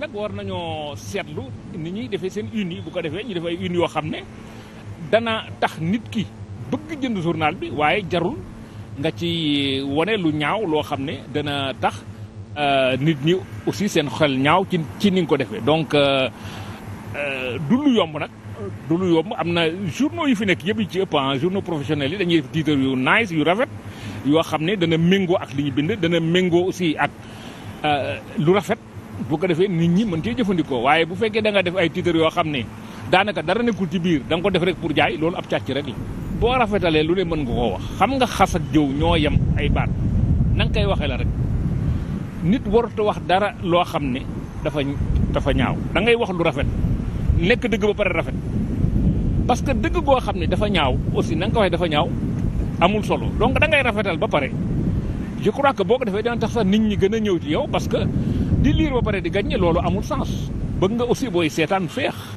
aussi war nañoo seetlu ni ñuy defee seen uni bu ko defee ñu def uni une yoo xam ne dana tax nit ki bëgg jënd journal bi waaye jarul nga ci wane lu ñaaw loo xam ne dana tax euh, nit ñi aussi seen xel ñaaw ci ci ni nga ko defee donc euh, euh, du lu yomb nag du lu yomb am na journaux yu fi nekk yëpp yi ci ëpp ah journaux professionnels yi dañuy def titre yu nice yu rafet yoo xam ne dana méngoo ak li ñu bind dana méngoo aussi ak lu rafet boo ko defee nit ñi mën cee jëfandikoo waaye bu fekkee da nga def ay titre yoo xam ne daanaka dara nekkul ci biir danga ko def rek pour jaay loolu ab càcc rek la. boo rafetalee lu ne mën nga koo wax xam nga xas ak jëw ñoo yem ay baat na nga koy waxee la rek nit warut wax dara loo xam ne dafa dafa ñaaw da ngay wax lu rafet nekk dëgg ba pare rafet. parce que dëgg goo xam ne dafa ñaaw aussi na ko waxee dafa ñaaw amul solo donc da ngay rafetal ba pare je crois que boo defee dana tax nit ñi gën a ñëw ci yow parce que. di lire ba pare di gagné loolu amul sens bëgg nga aussi booy seetaan feex